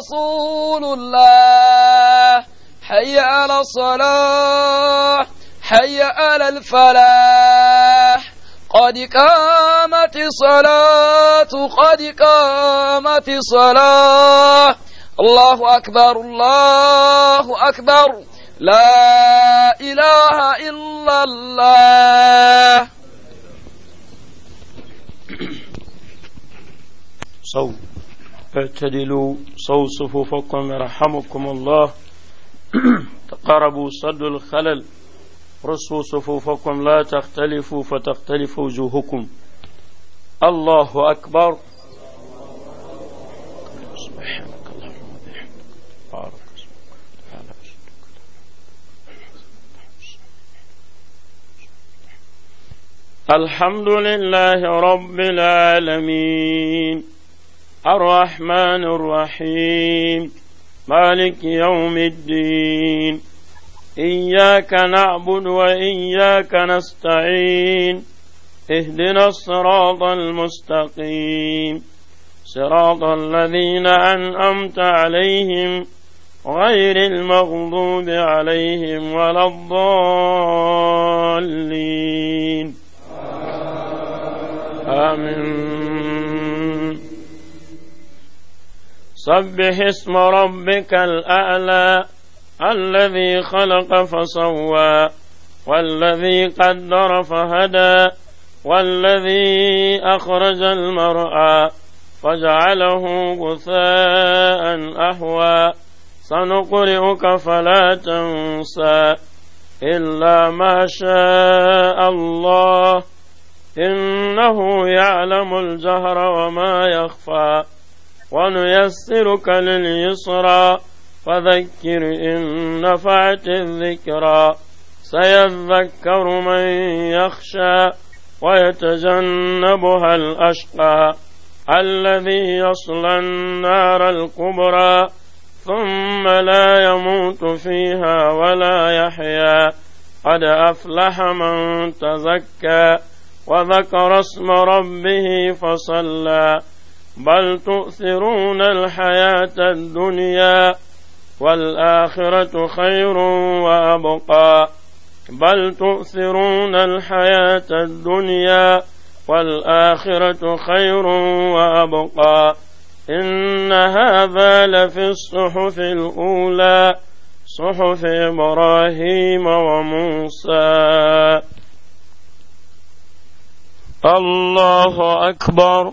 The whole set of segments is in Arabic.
رسول الله حي على الصلاة حي على الفلاح قد قامت الصلاة قد قامت الصلاة الله أكبر الله أكبر لا إله إلا الله صوت اعتدلوا صو صفوفكم يرحمكم الله تقربوا صد الخلل رصوا صفوفكم لا تختلفوا فتختلف وجوهكم الله أكبر سبحانك اللهم وبحمدك بارك الحمد لله رب العالمين الرحمن الرحيم مالك يوم الدين إياك نعبد وإياك نستعين اهدنا الصراط المستقيم صراط الذين أنأمت عليهم غير المغضوب عليهم ولا الضالين آمين سبح اسم ربك الأعلى الذي خلق فسوى والذي قدر فهدى والذي أخرج المرعى فجعله غثاء أهوى سنقرئك فلا تنسى إلا ما شاء الله إنه يعلم الجهر وما يخفى ونيسرك لليسرى فذكر إن نفعت الذكرى سيذكر من يخشى ويتجنبها الأشقى الذي يصلى النار الكبرى ثم لا يموت فيها ولا يحيا قد أفلح من تزكى وذكر اسم ربه فصلى بل تؤثرون الحياة الدنيا والآخرة خير وأبقى بل تؤثرون الحياة الدنيا والآخرة خير وأبقى إن هذا لفي الصحف الأولى صحف إبراهيم وموسى الله أكبر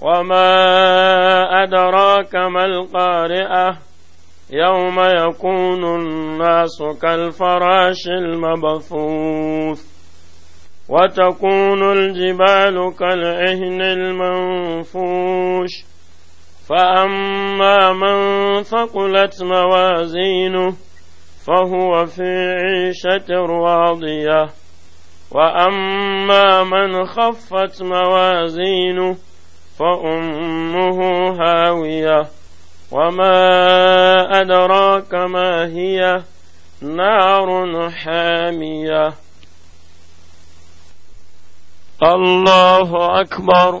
وما أدراك ما القارئة يوم يكون الناس كالفراش المبثوث وتكون الجبال كالعهن المنفوش فأما من ثقلت موازينه فهو في عيشة راضية وأما من خفت موازينه فأمه هاوية وما أدراك ما هي نار حامية الله أكبر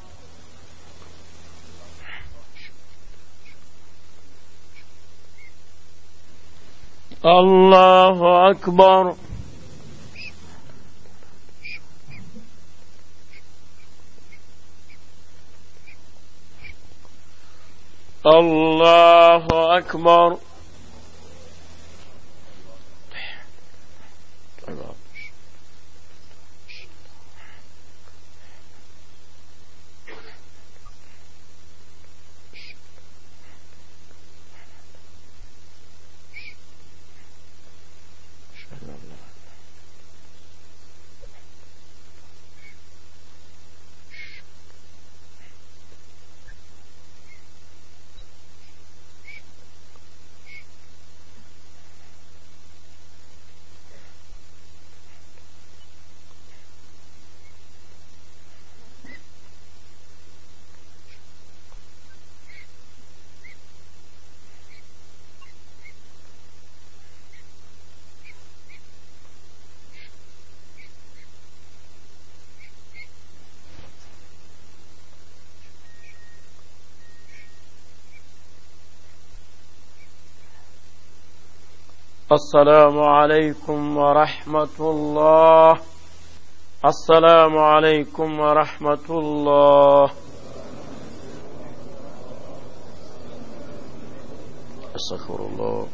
الله أكبر الله أكبر السلام عليكم ورحمة الله السلام عليكم ورحمة الله استغفر الله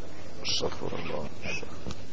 استغفر الله, أستغفر الله.